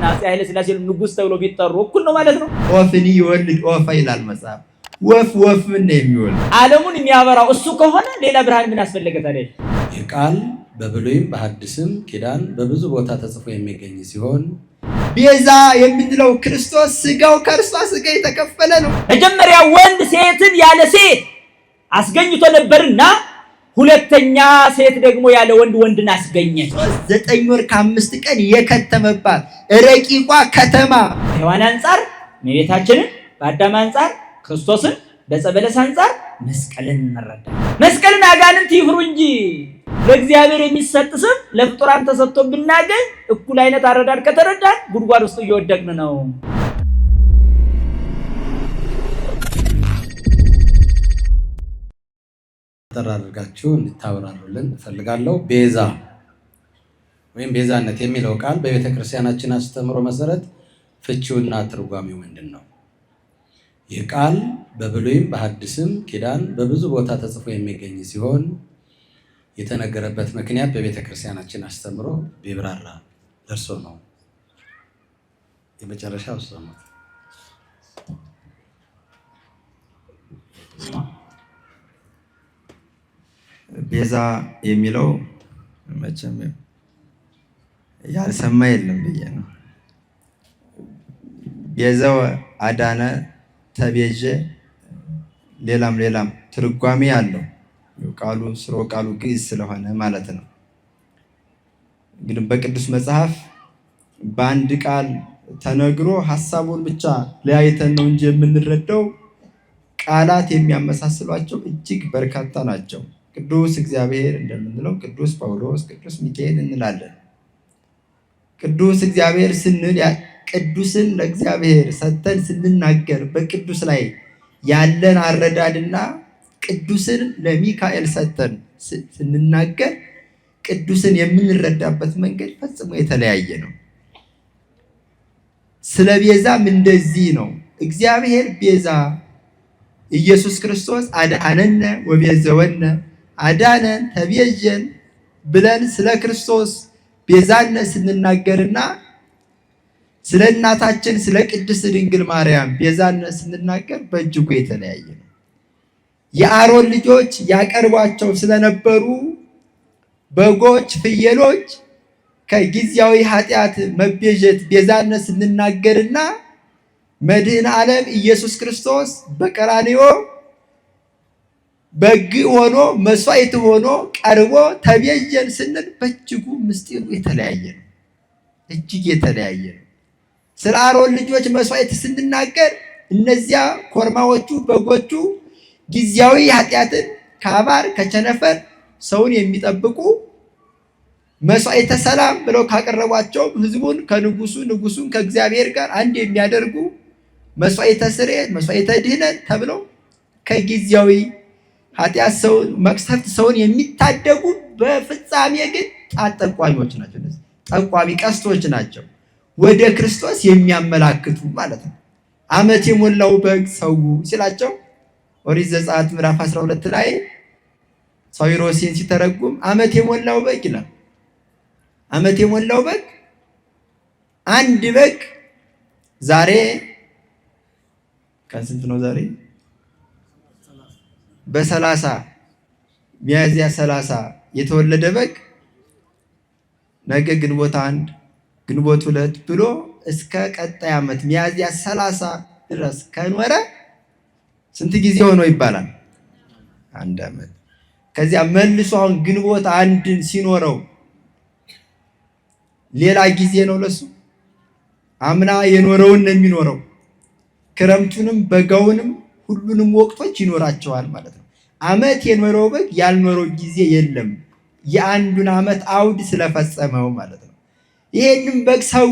እና አፄ ኃይለ ሥላሴ ንጉስ ተብሎ ቢጠሩ እኩል ነው ማለት ነው። ወፍን ይወልድ ወፈ ይላል መጽሐፍ። ወፍ ወፍ ነው የሚወልድ ዓለሙን የሚያበራው እሱ ከሆነ ሌላ ብርሃን ምን አስፈለገ ታዲያ? ይህ ቃል በብሉይም በሐዲስም ኪዳን በብዙ ቦታ ተጽፎ የሚገኝ ሲሆን ቤዛ የምንለው ክርስቶስ ስጋው ከእርሷ ስጋ የተከፈለ ነው። መጀመሪያ ወንድ ሴትን ያለ ሴት አስገኝቶ ነበርና ሁለተኛ ሴት ደግሞ ያለ ወንድ ወንድን አስገኘ ዘጠኝ ወር ከአምስት ቀን የከተመባት ረቂቋ ከተማ ከሔዋን አንጻር እመቤታችንን፣ በአዳም አንጻር ክርስቶስን፣ በጸበለስ አንጻር መስቀልን እንረዳ። መስቀልን አጋንንት ይፍሩ እንጂ ለእግዚአብሔር የሚሰጥ ስም ለፍጡራን ተሰጥቶ ብናገኝ እኩል አይነት አረዳድ ከተረዳን ጉድጓድ ውስጥ እየወደቅን ነው። አጠር አድርጋችሁ እንድታብራሩልን እፈልጋለሁ። ቤዛ ወይም ቤዛነት የሚለው ቃል በቤተክርስቲያናችን አስተምሮ መሰረት ፍቺውና ትርጓሚው ምንድን ነው? ይህ ቃል በብሉይም በሐዲስም ኪዳን በብዙ ቦታ ተጽፎ የሚገኝ ሲሆን የተነገረበት ምክንያት በቤተክርስቲያናችን አስተምሮ ቢብራራ ደርሶ ነው። የመጨረሻ ውስጥ ቤዛ የሚለው መቼም ያልሰማ የለም ብዬ ነው። ቤዛው አዳነ፣ ተቤዤ፣ ሌላም ሌላም ትርጓሜ አለው። ቃሉ ስሮ ቃሉ ግዕዝ ስለሆነ ማለት ነው። እንግዲህ በቅዱስ መጽሐፍ በአንድ ቃል ተነግሮ ሀሳቡን ብቻ ለያይተን ነው እንጂ የምንረዳው ቃላት የሚያመሳስሏቸው እጅግ በርካታ ናቸው። ቅዱስ እግዚአብሔር እንደምንለው ቅዱስ ጳውሎስ፣ ቅዱስ ሚካኤል እንላለን። ቅዱስ እግዚአብሔር ስንል ቅዱስን ለእግዚአብሔር ሰጥተን ስንናገር በቅዱስ ላይ ያለን አረዳድና ቅዱስን ለሚካኤል ሰጥተን ስንናገር ቅዱስን የምንረዳበት መንገድ ፈጽሞ የተለያየ ነው። ስለ ቤዛም እንደዚህ ነው። እግዚአብሔር ቤዛ ኢየሱስ ክርስቶስ አድኃነነ ወቤዘወነ አዳነን ተቤዠን ብለን ስለ ክርስቶስ ቤዛነት ስንናገርና ስለ እናታችን ስለ ቅድስት ድንግል ማርያም ቤዛነት ስንናገር በእጅጉ የተለያየ ነው። የአሮን ልጆች ያቀርቧቸው ስለነበሩ በጎች፣ ፍየሎች ከጊዜያዊ ኃጢአት መቤዠት ቤዛነት ስንናገርና መድህን ዓለም ኢየሱስ ክርስቶስ በቀራንዮ በግ ሆኖ መስዋዕት ሆኖ ቀርቦ ተቤዠን ስንል በእጅጉ ምስጢሩ የተለያየ ነው፣ እጅግ የተለያየ ነው። ስለ አሮን ልጆች መስዋዕት ስንናገር እነዚያ ኮርማዎቹ በጎቹ ጊዜያዊ ኃጢአትን ከአባር ከቸነፈር ሰውን የሚጠብቁ መስዋዕተ ሰላም ብለው ካቀረቧቸው ህዝቡን ከንጉሱ ንጉሱን ከእግዚአብሔር ጋር አንድ የሚያደርጉ መስዋዕተ ስርየት፣ መስዋዕተ ድህነት ተብለው ከጊዜያዊ ኃጢአት ሰው መቅሰፍት ሰውን የሚታደጉ በፍጻሜ ግን ጣት ጠቋሚዎች ናቸው። ጠቋሚ ቀስቶች ናቸው፣ ወደ ክርስቶስ የሚያመላክቱ ማለት ነው። ዓመት የሞላው በግ ሰው ሲላቸው ኦሪት ዘጸአት ምዕራፍ 12 ላይ ሳዊሮሲን ሲተረጉም ዓመት የሞላው በግ ይላል። ዓመት የሞላው በግ አንድ በግ ዛሬ ከስንት ነው ዛሬ በሰላሳ ሚያዝያ ሰላሳ የተወለደ በግ ነገ ግንቦት አንድ ግንቦት ሁለት ብሎ እስከ ቀጣይ ዓመት ሚያዝያ ሰላሳ ድረስ ከኖረ ስንት ጊዜ ሆኖ ይባላል? አንድ ዓመት። ከዚያ መልሶ አሁን ግንቦት አንድን ሲኖረው ሌላ ጊዜ ነው ለሱ። አምና የኖረውን ነው የሚኖረው። ክረምቱንም በጋውንም ሁሉንም ወቅቶች ይኖራቸዋል ማለት ነው። ዓመት የኖረው በግ ያልኖረው ጊዜ የለም። የአንዱን ዓመት አውድ ስለፈጸመው ማለት ነው። ይሄንም በግ ሰው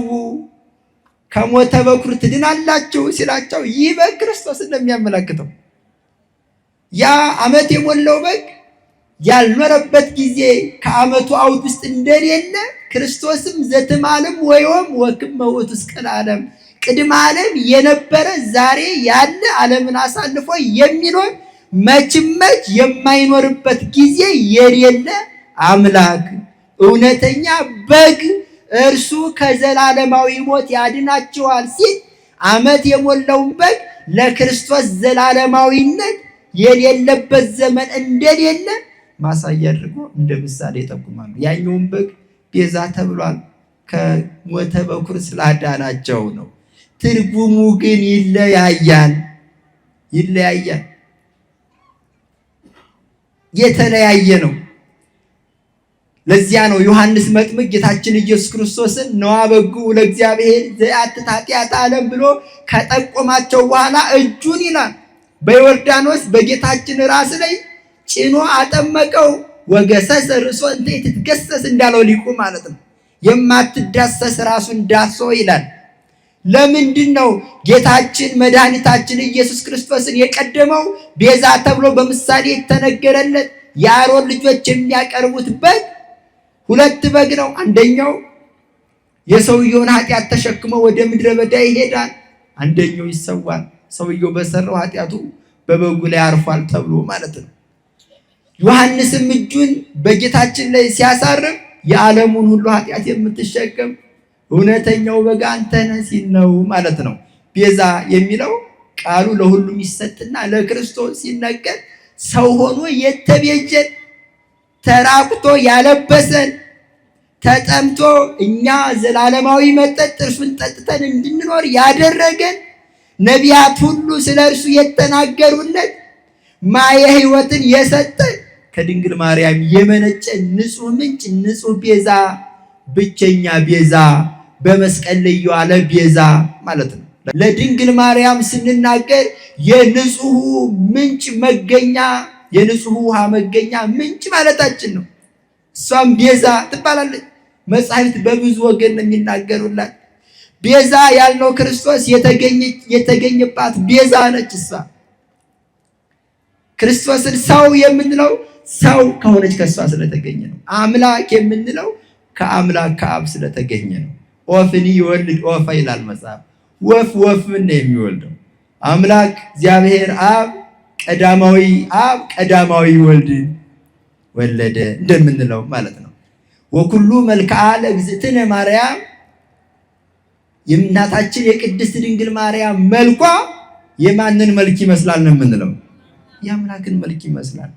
ከሞተ በኩር ትድናላችሁ ሲላቸው ይህ በግ ክርስቶስ እንደሚያመለክተው ያ ዓመት የሞላው በግ ያልኖረበት ጊዜ ከዓመቱ አውድ ውስጥ እንደሌለ ክርስቶስም ዘትማለም ወይም ወክም መውት ውስጥ ቅድመ ዓለም የነበረ ዛሬ ያለ ዓለምን አሳልፎ የሚኖር መችመች የማይኖርበት ጊዜ የሌለ አምላክ እውነተኛ በግ እርሱ ከዘላለማዊ ሞት ያድናቸዋል ሲል ዓመት የሞላውን በግ ለክርስቶስ ዘላለማዊነት የሌለበት ዘመን እንደሌለ ማሳያ አድርጎ እንደ ምሳሌ ይጠቁማሉ። ያኛውን በግ ቤዛ ተብሏል፣ ከሞተ በኩር ስላዳናቸው ነው። ትርጉሙ ግን ይለያያል ይለያያል። የተለያየ ነው። ለዚያ ነው ዮሐንስ መጥምቅ ጌታችን ኢየሱስ ክርስቶስን ነዋ በጉ ለእግዚአብሔር ዘያትት ኃጢአት ዓለም ብሎ ከጠቆማቸው በኋላ እጁን ይላል በዮርዳኖስ በጌታችን ራስ ላይ ጭኖ አጠመቀው። ወገሰሰ ርሶ እንዴት ትትገሰስ እንዳለው ሊቁ ማለት ነው። የማትዳሰስ ራሱን ዳሶ ይላል። ለምንድን ነው ጌታችን መድኃኒታችን ኢየሱስ ክርስቶስን የቀደመው ቤዛ ተብሎ በምሳሌ የተነገረለት የአሮን ልጆች የሚያቀርቡት በግ ሁለት በግ ነው። አንደኛው የሰውየውን ኃጢአት ተሸክሞ ወደ ምድረ በዳ ይሄዳል፣ አንደኛው ይሰዋል። ሰውየው በሰራው ኃጢአቱ በበጉ ላይ አርፏል ተብሎ ማለት ነው። ዮሐንስም እጁን በጌታችን ላይ ሲያሳርፍ የዓለሙን ሁሉ ኃጢአት የምትሸከም እውነተኛው በግ አንተ ነህ ሲል ነው ማለት ነው። ቤዛ የሚለው ቃሉ ለሁሉም ይሰጥና ለክርስቶስ ሲነገር ሰው ሆኖ የተቤጀን ተራቁቶ ያለበሰን ተጠምቶ እኛ ዘላለማዊ መጠጥ እርሱን ጠጥተን እንድንኖር ያደረገን ነቢያት ሁሉ ስለ እርሱ የተናገሩለት ማየ ሕይወትን የሰጠን ከድንግል ማርያም የመነጨ ንጹሕ ምንጭ ንጹሕ ቤዛ ብቸኛ ቤዛ በመስቀል ላይ የዋለ ቤዛ ማለት ነው። ለድንግል ማርያም ስንናገር የንጹሁ ምንጭ መገኛ የንጹህ ውሃ መገኛ ምንጭ ማለታችን ነው። እሷም ቤዛ ትባላለች። መጻሕፍት በብዙ ወገን ነው የሚናገሩላት። ቤዛ ያልነው ክርስቶስ የተገኘባት ቤዛ ነች። እሷ ክርስቶስን ሰው የምንለው ሰው ከሆነች ከእሷ ስለተገኘ ነው። አምላክ የምንለው ከአምላክ ከአብ ስለተገኘ ነው። ወፍን ይወልድ ኦፈ ይላል መጽሐፍ። ወፍ ወፍን ነው የሚወልደው። አምላክ እግዚአብሔር አብ ቀዳማዊ አብ ቀዳማዊ ወልድ ወለደ እንደምንለው ማለት ነው። ወኩሉ መልክዓ ለእግዝእትነ ማርያም የእናታችን የቅድስት ድንግል ማርያም መልኳ የማንን መልክ ይመስላል ነው የምንለው? የአምላክን መልክ ይመስላል።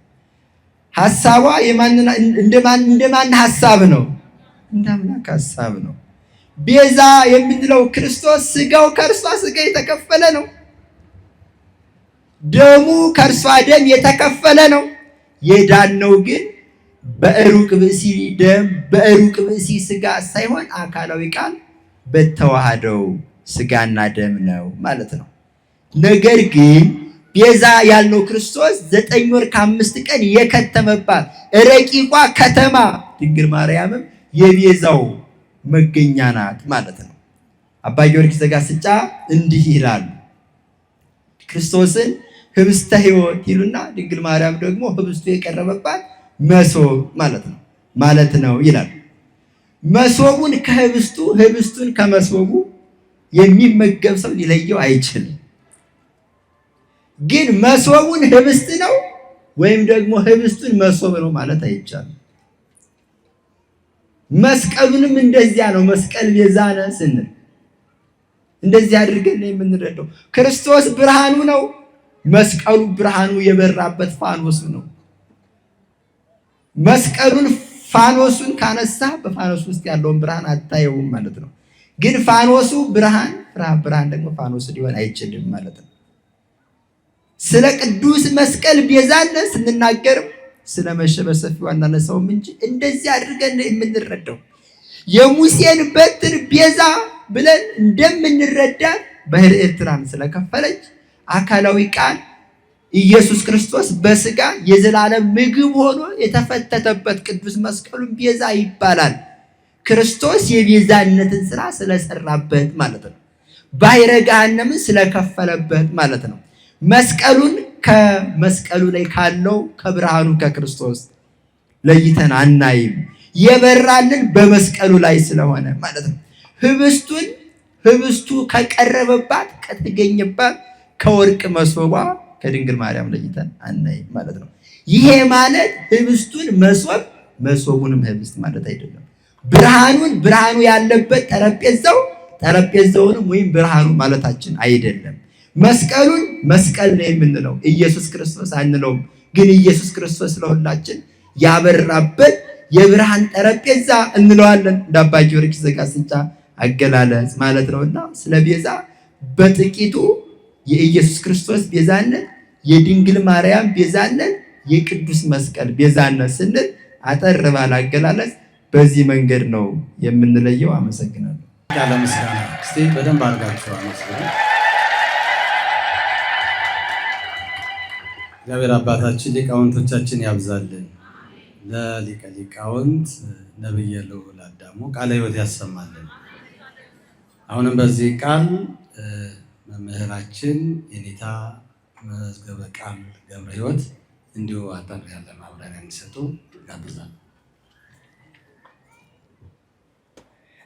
ሐሳቧ የማንን እንደማን እንደማን ሐሳብ ነው? እንደ አምላክ ነው። ቤዛ የምንለው ክርስቶስ ስጋው ከእርሷ ስጋ የተከፈለ ነው። ደሙ ከእርሷ ደም የተከፈለ ነው። የዳነው ግን በእሩቅ ብእሲ ደም በእሩቅ ብእሲ ስጋ ሳይሆን አካላዊ ቃል በተዋህደው ስጋና ደም ነው ማለት ነው። ነገር ግን ቤዛ ያልነው ክርስቶስ ዘጠኝ ወር ከአምስት ቀን የከተመባት ረቂቋ ከተማ ድንግል ማርያምም የቤዛው መገኛ ናት ማለት ነው። አባ ጊዮርጊስ ዘጋስጫ እንዲህ ይላሉ። ክርስቶስን ህብስተ ህይወት ይሉና ድንግል ማርያም ደግሞ ህብስቱ የቀረበባት መሶብ ማለት ነው ማለት ነው ይላሉ። መሶቡን ከህብስቱ ህብስቱን ከመሶቡ የሚመገብ ሰው ሊለየው አይችልም። ግን መሶቡን ህብስት ነው ወይም ደግሞ ህብስቱን መሶብ ነው ማለት አይቻልም። መስቀሉንም እንደዚያ ነው። መስቀል ቤዛ ነህ ስንል እንደዚህ አድርገን ነው የምንረዳው። ክርስቶስ ብርሃኑ ነው። መስቀሉ ብርሃኑ የበራበት ፋኖሱ ነው። መስቀሉን ፋኖሱን ካነሳ በፋኖሱ ውስጥ ያለውን ብርሃን አታየውም ማለት ነው። ግን ፋኖሱ ብርሃን ብርሃን ደግሞ ፋኖስ ሊሆን አይችልም ማለት ነው። ስለ ቅዱስ መስቀል ቤዛነት ስንናገርም ስለመሸበር ሰፊው አናነሳውም እንጂ እንደዚህ አድርገን የምንረዳው የሙሴን በትር ቤዛ ብለን እንደምንረዳ ባህር ኤርትራን ስለከፈለች አካላዊ ቃል ኢየሱስ ክርስቶስ በስጋ የዘላለም ምግብ ሆኖ የተፈተተበት ቅዱስ መስቀሉን ቤዛ ይባላል። ክርስቶስ የቤዛነትን ስራ ስለሰራበት ማለት ነው። ባሕረ ገሃነምን ስለከፈለበት ማለት ነው። መስቀሉን ከመስቀሉ ላይ ካለው ከብርሃኑ ከክርስቶስ ለይተን አናይም። የበራልን በመስቀሉ ላይ ስለሆነ ማለት ነው። ህብስቱን ህብስቱ ከቀረበባት ከተገኘባት ከወርቅ መሶቧ ከድንግል ማርያም ለይተን አናይም ማለት ነው። ይሄ ማለት ህብስቱን መሶብ መሶቡንም ህብስት ማለት አይደለም። ብርሃኑን ብርሃኑ ያለበት ጠረጴዛው ጠረጴዛውንም ወይም ብርሃኑ ማለታችን አይደለም። መስቀሉን መስቀል ነው የምንለው፣ ኢየሱስ ክርስቶስ አንለውም። ግን ኢየሱስ ክርስቶስ ለሁላችን ያበራበት የብርሃን ጠረጴዛ እንለዋለን እንደ አባ ጊዮርጊስ ዘጋስጫ አገላለጽ ማለት ነውና ስለ ቤዛ በጥቂቱ የኢየሱስ ክርስቶስ ቤዛነት፣ የድንግል ማርያም ቤዛነት፣ የቅዱስ መስቀል ቤዛነት ስንል አጠር ባለ አገላለጽ በዚህ መንገድ ነው የምንለየው። አመሰግናለሁ። ያለ እስቲ በደንብ አድርጋችሁ አመስግኑ። እግዚአብሔር አባታችን ሊቃውንቶቻችን ያብዛልን። ለሊቀ ሊቃውንት ነብየ ልዑል አዳሙ ቃለ ሕይወት ያሰማልን። አሁንም በዚህ ቃል መምህራችን የኔታ መዝገበ ቃል ገብረ ሕይወት እንዲሁ አጠር ያለ ማብራሪያ እንዲሰጡ ጋብዛል።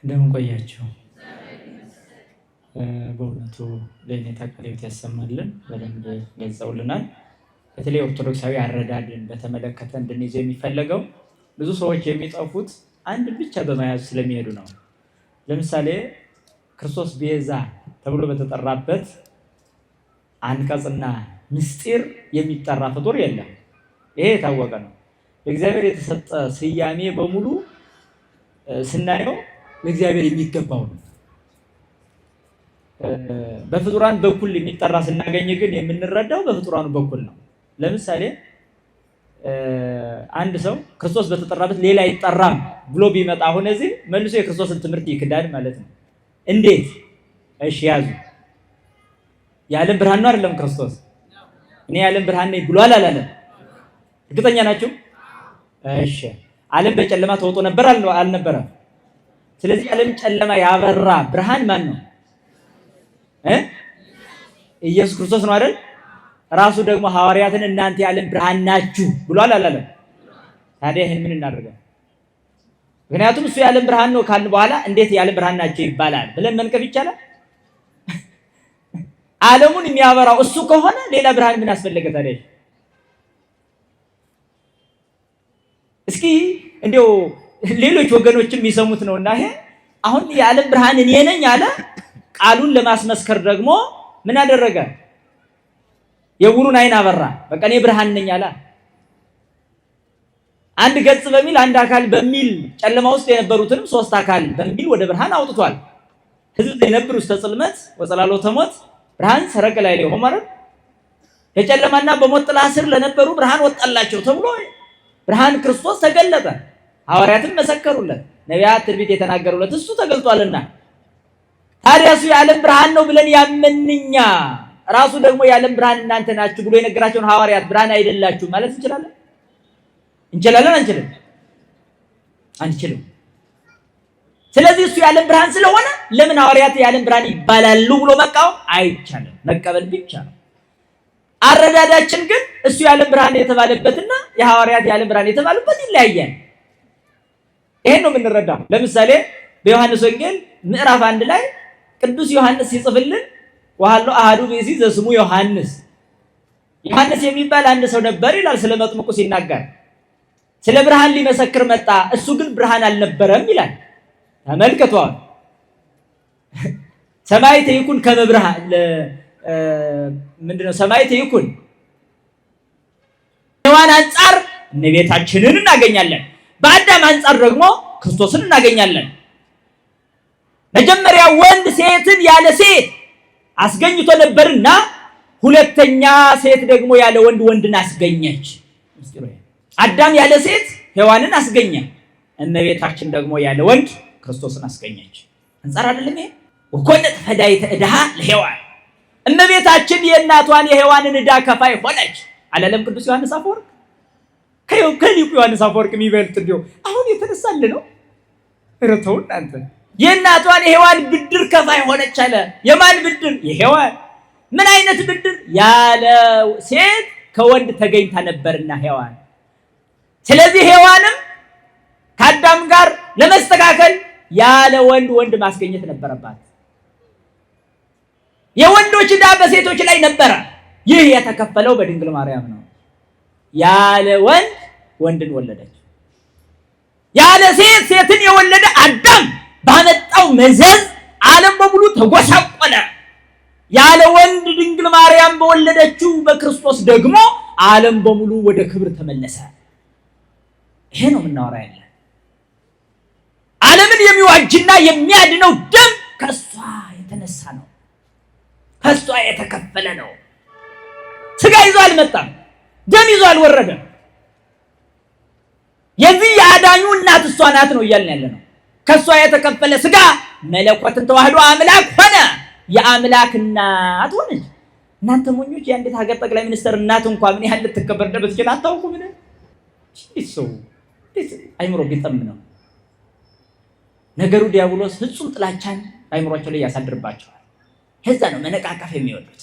እንደምን ቆያቸው? በእውነቱ ለኔታ ቃለ ሕይወት ያሰማልን። በደንብ ገልጸውልናል። በተለይ ኦርቶዶክሳዊ አረዳድን በተመለከተ እንድንይዘ የሚፈለገው ብዙ ሰዎች የሚጠፉት አንድ ብቻ በመያዝ ስለሚሄዱ ነው። ለምሳሌ ክርስቶስ ቤዛ ተብሎ በተጠራበት አንቀጽና ምስጢር የሚጠራ ፍጡር የለም። ይሄ የታወቀ ነው። ለእግዚአብሔር የተሰጠ ስያሜ በሙሉ ስናየው ለእግዚአብሔር የሚገባው ነው። በፍጡራን በኩል የሚጠራ ስናገኝ ግን የምንረዳው በፍጡራኑ በኩል ነው። ለምሳሌ አንድ ሰው ክርስቶስ በተጠራበት ሌላ አይጠራም ብሎ ቢመጣ አሁን እዚህ መልሶ የክርስቶስን ትምህርት ይክዳል ማለት ነው። እንዴት? እሺ ያዙ። የዓለም ብርሃን ነው አይደለም? ክርስቶስ እኔ የዓለም ብርሃን ነኝ ብሏል አላለም? እርግጠኛ ናችሁ? እሺ ዓለም በጨለማ ተውጦ ነበር አልነበረም? ስለዚህ ዓለም ጨለማ ያበራ ብርሃን ማን ነው? ኢየሱስ ክርስቶስ ነው አይደል? ራሱ ደግሞ ሐዋርያትን እናንተ ያለን ብርሃን ናችሁ ብሏል አላለም? ታዲያ ይህን ምን እናደርጋለን? ምክንያቱም እሱ ያለን ብርሃን ነው ካልን በኋላ እንዴት ያለን ብርሃን ናቸው ይባላል ብለን መንቀፍ ይቻላል? ዓለሙን የሚያበራው እሱ ከሆነ ሌላ ብርሃን ምን አስፈለገ ታዲያ? እስኪ እንዲያው ሌሎች ወገኖችም የሚሰሙት ነውና ይሄ አሁን የዓለም ብርሃን እኔ ነኝ አለ። ቃሉን ለማስመስከር ደግሞ ምን አደረገ? የውኑን አይን አበራ። በቃ እኔ ብርሃን ነኝ አለ። አንድ ገጽ በሚል አንድ አካል በሚል ጨለማ ውስጥ የነበሩትንም ሶስት አካል በሚል ወደ ብርሃን አውጥቷል። ህዝብ የነብር ውስጥ ተጽልመት ወጸላሎ ተሞት ብርሃን ሰረቀ ላይ ሊሆ ማለት የጨለማና በሞት ጥላ ስር ለነበሩ ብርሃን ወጣላቸው ተብሎ ብርሃን ክርስቶስ ተገለጠ። ሐዋርያትም መሰከሩለት፣ ነቢያት ትንቢት የተናገሩለት እሱ ተገልጧልና ታዲያ እሱ የዓለም ብርሃን ነው ብለን ያመንኛ ራሱ ደግሞ የዓለም ብርሃን እናንተ ናችሁ ብሎ የነገራቸውን ሐዋርያት ብርሃን አይደላችሁ ማለት እንችላለን? እንችላለን? አንችልም? አንችልም። ስለዚህ እሱ የዓለም ብርሃን ስለሆነ ለምን ሐዋርያት የዓለም ብርሃን ይባላሉ ብሎ መቃወም አይቻልም፣ መቀበል ብቻ ነው። አረዳዳችን ግን እሱ የዓለም ብርሃን የተባለበትና የሐዋርያት የዓለም ብርሃን የተባለበት ይለያያል። ይሄን ነው የምንረዳው። ለምሳሌ በዮሐንስ ወንጌል ምዕራፍ አንድ ላይ ቅዱስ ዮሐንስ ሲጽፍልን ወሃሎ አሃዱ ብእሲ ዘስሙ ዮሐንስ ዮሐንስ የሚባል አንድ ሰው ነበር ይላል ስለ መጥምቁ ሲናገር ስለ ብርሃን ሊመሰክር መጣ እሱ ግን ብርሃን አልነበረም ይላል ተመልክቷል ሰማይተ ይኩን ከመብርሃን ምንድነው ሰማይተ ይኩን ሔዋን አንጻር እመቤታችንን እናገኛለን በአዳም አንጻር ደግሞ ክርስቶስን እናገኛለን መጀመሪያ ወንድ ሴትን ያለ ሴት አስገኝቶ ነበርና ሁለተኛ ሴት ደግሞ ያለ ወንድ ወንድን አስገኘች። አዳም ያለ ሴት ሔዋንን አስገኘ። እመቤታችን ደግሞ ያለ ወንድ ክርስቶስን አስገኘች። አንጻር አይደለም ይሄ ወኮነት ፈዳይተ ዕዳሃ ለሔዋን እመቤታችን የእናቷን የሔዋንን እዳ ከፋይ ሆነች። አላለም ቅዱስ ዮሐንስ አፈወርቅ ከሊቁ ዮሐንስ አፈወርቅ የሚበልጥ እንዲሁ አሁን የተነሳል ነው ረተውን አንተ የእናቷን የሔዋን ብድር ከፋይ ሆነች አለ። የማን ብድር? የሔዋን ምን አይነት ብድር? ያለ ሴት ከወንድ ተገኝታ ነበርና ሔዋን። ስለዚህ ሔዋንም ከአዳም ጋር ለመስተካከል ያለ ወንድ ወንድ ማስገኘት ነበረባት። የወንዶች ዕዳ በሴቶች ላይ ነበረ። ይህ የተከፈለው በድንግል ማርያም ነው። ያለ ወንድ ወንድን ወለደች። ያለ ሴት ሴትን የወለደ አዳም ባመጣው መዘዝ ዓለም በሙሉ ተጎሳቆለ። ያለ ወንድ ድንግል ማርያም በወለደችው በክርስቶስ ደግሞ ዓለም በሙሉ ወደ ክብር ተመለሰ። ይሄ ነው የምናወራ ያለ ዓለምን የሚዋጅና የሚያድነው ደም ከእሷ የተነሳ ነው። ከእሷ የተከፈለ ነው። ስጋ ይዞ አልመጣም፣ ደም ይዞ አልወረደም። የዚህ የአዳኙ እናት እሷ ናት ነው እያልን ያለ ነው። ከእሷ የተከፈለ ስጋ መለኮትን ተዋህዶ አምላክ ሆነ፣ የአምላክ እናት ሆነ። እናንተ ሞኞች፣ የአንዲት ሀገር ጠቅላይ ሚኒስትር እናት እንኳ ምን ያህል ልትከበር እንደምትችል አታውቁ። ምን ሰው አይምሮ ቢጠም ነው ነገሩ። ዲያብሎስ ፍጹም ጥላቻን አይምሯቸው ላይ ያሳድርባቸዋል። ከዛ ነው መነቃቀፍ የሚወዱት።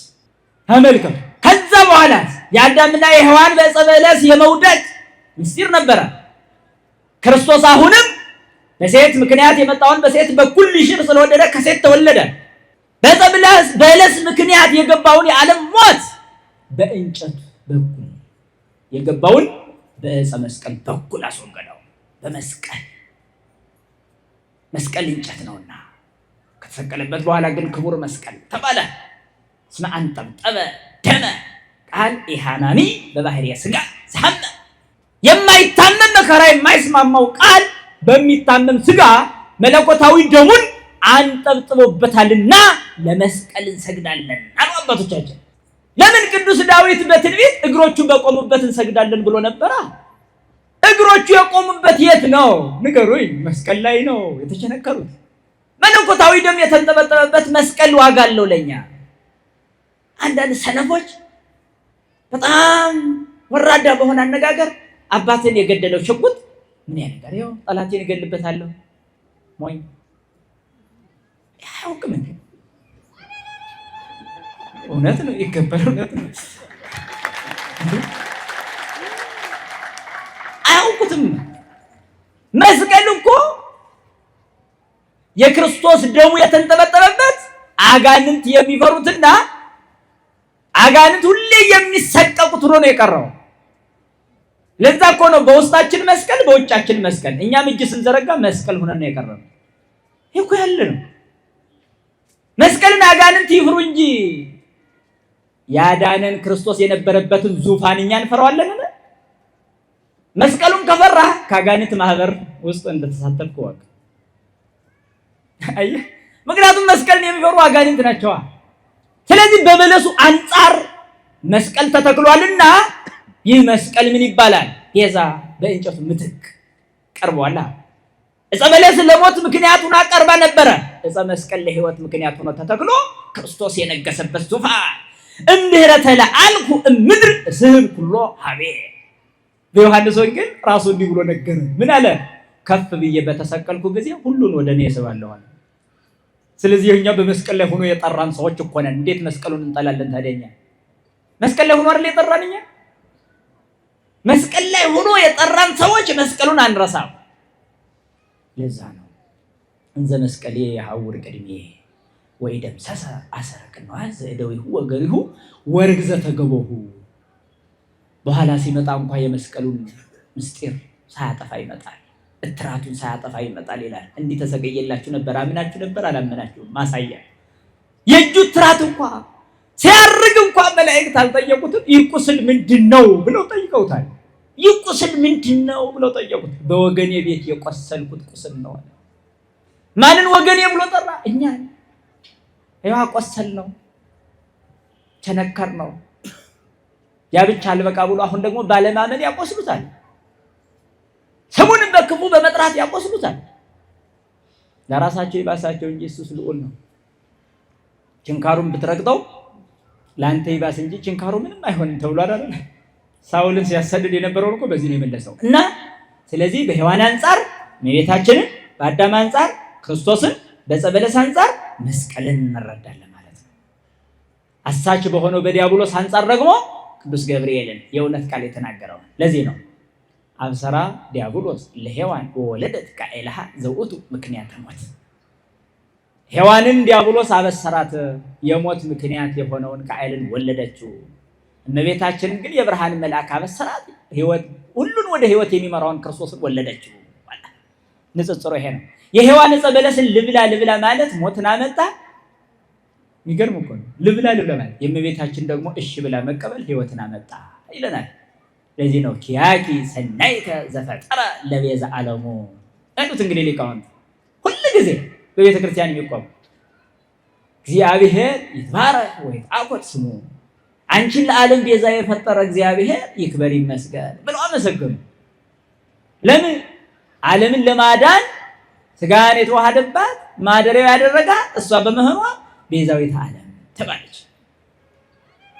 ተመልከቱ። ከዛ በኋላ የአዳምና የህዋን በዕፀ በለስ የመውደቅ ምስጢር ነበረ። ክርስቶስ አሁንም በሴት ምክንያት የመጣውን በሴት በኩል ይሽር ስለወደደ ከሴት ተወለደ። በለስ ምክንያት የገባውን የዓለም ሞት በእንጨት በኩል የገባውን በእፀ መስቀል በኩል አስወገደው። በመስቀል መስቀል እንጨት ነውና ከተሰቀለበት በኋላ ግን ክቡር መስቀል ተባለ። እስመ አንጠብጠበ ደመ ቃል ኢሃናኒ በባህርየ ሥጋ ዘሐመ የማይታመን መከራ የማይስማማው ቃል በሚታመም ስጋ መለኮታዊ ደሙን አንጠብጥቦበታልና ለመስቀል እንሰግዳለን አሉ አባቶቻችን። ለምን ቅዱስ ዳዊት በትንቢት እግሮቹ በቆሙበት እንሰግዳለን ብሎ ነበረ? እግሮቹ የቆሙበት የት ነው ንገሩኝ? መስቀል ላይ ነው የተቸነከሩት። መለኮታዊ ደም የተንጠበጠበበት መስቀል ዋጋ አለው ለኛ። አንዳንድ ሰነፎች በጣም ወራዳ በሆነ አነጋገር አባትን የገደለው ሽጉጥ ምን ያደርጋል? ይኸው ጠላቴን እገልበታለሁ። ሞኝ አያውቅም። እውነት ነው፣ ይገባል። እውነት ነው፣ አያውቁትም። መስቀል እኮ የክርስቶስ ደሙ የተንጠለጠለበት አጋንንት የሚፈሩትና አጋንንት ሁሌ የሚሰቀቁት ሆኖ ነው የቀረው። ለዛ እኮ ነው በውስጣችን መስቀል በውጫችን መስቀል። እኛም እጅ ስንዘረጋ መስቀል ሆነን ነው የቀረበው። ይሄ እኮ ያለ ነው። መስቀልን አጋንንት ይፍሩ እንጂ ያዳነን ክርስቶስ የነበረበትን ዙፋን እኛ እንፈራዋለን። መስቀሉን ከፈራ ከአጋንንት ማህበር ውስጥ እንደተሳተፍክ ወቅ አይ ምክንያቱም መስቀልን የሚፈሩ አጋንንት ናቸዋ። ስለዚህ በበለሱ አንጻር መስቀል ተተክሏልና ይህ መስቀል ምን ይባላል? ቤዛ በእንጨቱ ምትክ ቀርቧላ። እፀ በለስ ለሞት ምክንያት ሆና ቀርባ ነበረ። እፀ መስቀል ለህይወት ምክንያት ሆኖ ተተክሎ ክርስቶስ የነገሰበት ዙፋን እምህረተ ለአልኩ እምድር ስህብ ኩሎ ሀቤ። በዮሐንስ ወንጌል ራሱ እንዲህ ብሎ ነገረ። ምን አለ? ከፍ ብዬ በተሰቀልኩ ጊዜ ሁሉን ወደ እኔ ስባለሁ። ስለዚህ እኛው በመስቀል ላይ ሆኖ የጠራን ሰዎች እኮ ነን። እንዴት መስቀሉን እንጠላለን ታዲያ? እኛ መስቀል ላይ ሆኖ አይደል የጠራን እኛ መስቀል ላይ ሆኖ የጠራን ሰዎች መስቀሉን አንረሳም። ለዛ ነው እንዘ መስቀሌ የሐውር ቅድሜ ወይ ደምሰሰ አሰረ ቅንዋት ዘእደዊሁ ወገሪሁ ወርግዘ ተገበሁ። በኋላ ሲመጣ እንኳ የመስቀሉን ምስጢር ሳያጠፋ ይመጣል፣ እትራቱን ሳያጠፋ ይመጣል ይላል። እንዲህ ተሰቀየላችሁ ነበር፣ አምናችሁ ነበር፣ አላመናችሁም። ማሳያ የእጁ እትራት እንኳ ሲያርግ እንኳን መላእክት አልጠየቁትም። ይህ ቁስል ምንድን ነው ብለው ጠይቀውታል። ይህ ቁስል ምንድን ነው ብለው ጠየቁት። በወገኔ ቤት የቆሰልኩት ቁስል ነው አለ። ማንን ወገኔ ብሎ ጠራ? እኛ ይዋ ቆሰል ነው ቸነከር ነው። ያ ብቻ አልበቃ ብሎ አሁን ደግሞ ባለማመን ያቆስሉታል። ስሙንም በክፉ በመጥራት ያቆስሉታል። ለራሳቸው ይባሳቸው እንጂ ኢየሱስ ልዑል ነው። ችንካሩን ብትረግጠው ለአንተ ይባስ እንጂ ችንካሩ ምንም አይሆንም ተብሎ አላለ። ሳውልን ሲያሰድድ የነበረውን እኮ በዚህ ነው የመለሰው። እና ስለዚህ በሔዋን አንጻር እመቤታችንን፣ በአዳም አንጻር ክርስቶስን፣ በጸበለስ አንጻር መስቀልን እንረዳለን ማለት ነው። አሳች በሆነው በዲያብሎስ አንጻር ደግሞ ቅዱስ ገብርኤልን የእውነት ቃል የተናገረው ለዚህ ነው አብሰራ ዲያብሎስ ለሔዋን ወለደት ቃኤልሃ ዘውቱ ምክንያት ሞት ሔዋንን ዲያብሎስ አበሰራት፣ የሞት ምክንያት የሆነውን ቃየልን ወለደችው። እመቤታችንን ግን የብርሃን መልአክ አበሰራት፣ ህይወት ሁሉን ወደ ህይወት የሚመራውን ክርስቶስን ወለደችው። ንጽጽሮ ይሄ ነው። የሔዋን ዕፀ በለስን ልብላ ልብላ ማለት ሞትን አመጣ። የሚገርም እኮ ነው። ልብላ ልብላ ማለት የእመቤታችን ደግሞ እሺ ብላ መቀበል ህይወትን አመጣ ይለናል። ለዚህ ነው ኪያኪ ሰናይተ ዘፈጠረ ለቤዛ ዓለሙ ያሉት እንግዲህ ሊቃውንት ሁልጊዜ በቤተ ክርስቲያን የሚቋቋም እግዚአብሔር ይትባረክ ወይትአኮት ስሙ አንቺን ለዓለም ቤዛ የፈጠረ እግዚአብሔር ይክበር ይመስገን ብሎ አመሰገኑ። ለምን ዓለምን ለማዳን ስጋን የተዋሃደባት ማደሪያው ያደረጋት እሷ በመሆኗ ቤዛዊተ ዓለም ተባለች።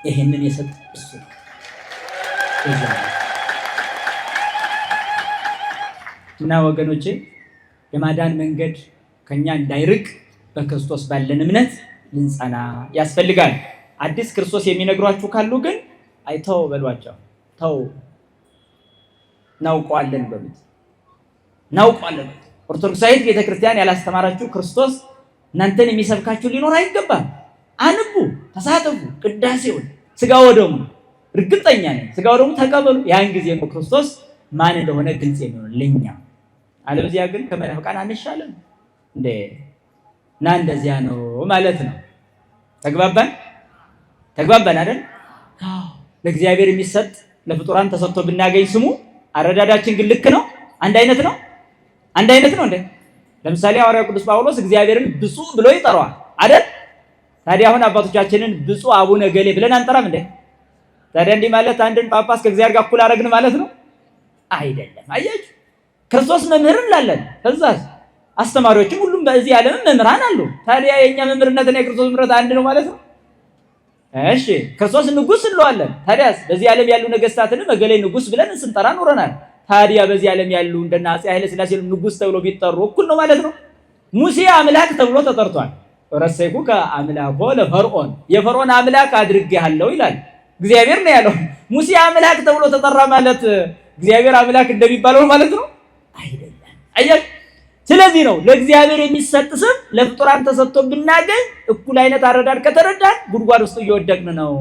ይህንን የሰጠ እሱ እና ወገኖቼ የማዳን መንገድ ከኛ እንዳይርቅ በክርስቶስ ባለን እምነት ልንጸና ያስፈልጋል። አዲስ ክርስቶስ የሚነግሯችሁ ካሉ ግን አይተው በሏቸው። ተው እናውቀዋለን በሉት፣ እናውቀዋለን። ኦርቶዶክሳዊት ቤተክርስቲያን ያላስተማራችሁ ክርስቶስ እናንተን የሚሰብካችሁ ሊኖር አይገባም። አንቡ፣ ተሳተፉ፣ ቅዳሴውን ስጋ ወደሙ እርግጠኛ ነኝ ስጋ ወደሙ ተቀበሉ። ያን ጊዜ ክርስቶስ ማን እንደሆነ ግልጽ የሚሆን ለኛ። አለበዚያ ግን ከመናፍቃን አንሻለን። እንዴ እና እንደዚያ ነው ማለት ነው። ተግባባን ተግባባን አይደል? ለእግዚአብሔር የሚሰጥ ለፍጡራን ተሰጥቶ ብናገኝ ስሙ አረዳዳችን ግን ልክ ነው? አንድ አይነት ነው? አንድ አይነት ነው እንዴ? ለምሳሌ ሐዋርያው ቅዱስ ጳውሎስ እግዚአብሔርን ብፁዕ ብሎ ይጠራዋል አይደል? ታዲያ አሁን አባቶቻችንን ብፁዕ አቡነ ገሌ ብለን አንጠራም እንዴ? ታዲያ እንዲህ ማለት አንድን ጳጳስ ከእግዚአብሔር ጋር እኩል አደረግን ማለት ነው? አይደለም። አያችሁ፣ ክርስቶስ መምህር እንላለን። ከዛስ አስተማሪዎችም ሁሉም በዚህ ዓለም መምህራን አሉ። ታዲያ የኛ መምህርነትና የክርስቶስ ምህረት አንድ ነው ማለት ነው። እሺ ክርስቶስ ንጉስ እንለዋለን። ታዲያስ በዚህ ዓለም ያሉ ነገስታትን መገሌ ንጉስ ብለን ስንጠራ ኖረናል። ታዲያ በዚህ ዓለም ያሉ እንደና አፄ ኃይለ ስላሴ ንጉስ ተብሎ ቢጠሩ እኩል ነው ማለት ነው። ሙሴ አምላክ ተብሎ ተጠርቷል። ረሰይኩ ከአምላኮ ለፈርዖን የፈርዖን አምላክ አድርጌሃለሁ ይላል እግዚአብሔር ነው ያለው። ሙሴ አምላክ ተብሎ ተጠራ ማለት እግዚአብሔር አምላክ እንደሚባለው ማለት ነው አይደለም። አያችሁ ስለዚህ ነው ለእግዚአብሔር የሚሰጥ ስም ለፍጡራን ተሰጥቶ ብናገኝ እኩል አይነት አረዳድ ከተረዳን ጉድጓድ ውስጥ እየወደቅን ነው።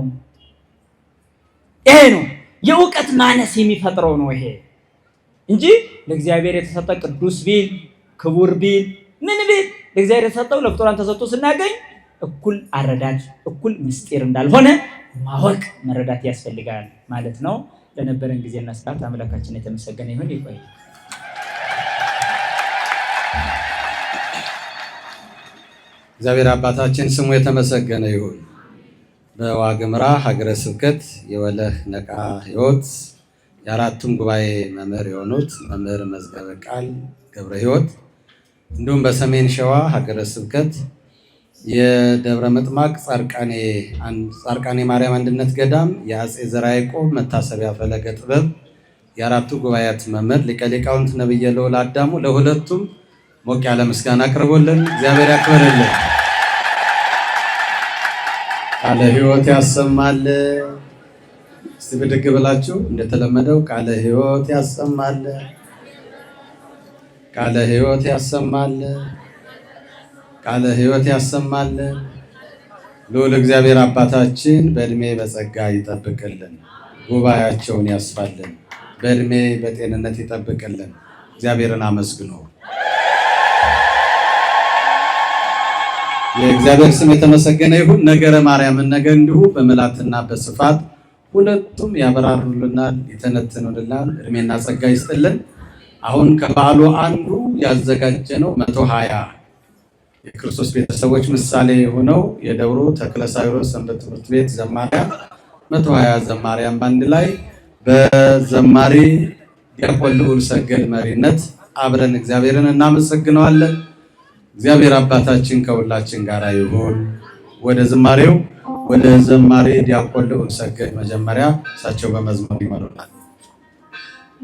ይሄ ነው የእውቀት ማነስ የሚፈጥረው ነው ይሄ እንጂ ለእግዚአብሔር የተሰጠ ቅዱስ ቢል ክቡር ቢል ምን ቢል ለእግዚአብሔር የተሰጠው ለፍጡራን ተሰጥቶ ስናገኝ እኩል አረዳድ እኩል ምስጢር እንዳልሆነ ማወቅ መረዳት ያስፈልጋል ማለት ነው። ለነበረን ጊዜና ሰዓት አምላካችን የተመሰገነ ይሁን። ይቆያል። እግዚአብሔር አባታችን ስሙ የተመሰገነ ይሁን። በዋግምራ ሀገረ ስብከት የወለህ ነቃ ህይወት የአራቱም ጉባኤ መምህር የሆኑት መምህር መዝገበ ቃል ገብረ ህይወት እንዲሁም በሰሜን ሸዋ ሀገረ ስብከት የደብረ ምጥማቅ ጻርቃኔ ማርያም አንድነት ገዳም የአጼ ዘርዓ ያዕቆብ መታሰቢያ ፈለገ ጥበብ የአራቱ ጉባኤያት መምህር ሊቀ ሊቃውንት ነብየ ልዑል አዳሙ ለሁለቱም ሞቅ ያለ ምስጋና አቅርቦልን እግዚአብሔር ያክብርልን። ቃለ ሕይወት ያሰማል። እስቲ ብድግ ብላችሁ እንደተለመደው ቃለ ሕይወት ያሰማል፣ ቃለ ሕይወት ያሰማል፣ ቃለ ሕይወት ያሰማል። ልዑል እግዚአብሔር አባታችን በእድሜ በጸጋ ይጠብቅልን፣ ጉባኤያቸውን ያስፋልን፣ በእድሜ በጤንነት ይጠብቅልን። እግዚአብሔርን አመስግኖ የእግዚአብሔር ስም የተመሰገነ ይሁን። ነገረ ማርያምን ነገ እንዲሁ በመላትና በስፋት ሁለቱም ያበራሩልናል፣ ይተነትኑልናል። እድሜና ጸጋ ይስጥልን። አሁን ከበዓሉ አንዱ ያዘጋጀነው መቶ ሀያ የክርስቶስ ቤተሰቦች ምሳሌ የሆነው የደብሩ ተክለ ሰንበት ትምህርት ቤት ዘማሪያን መቶ ሀያ ዘማሪያን በአንድ ላይ በዘማሪ ዲያቆን ልዑል ሰገድ መሪነት አብረን እግዚአብሔርን እናመሰግነዋለን። እግዚአብሔር አባታችን ከሁላችን ጋር ይሁን። ወደ ዝማሬው ወደ ዘማሬ ዲያቆን ልዑል ሰገድ መጀመሪያ እሳቸው በመዝሙር ይመሩናል።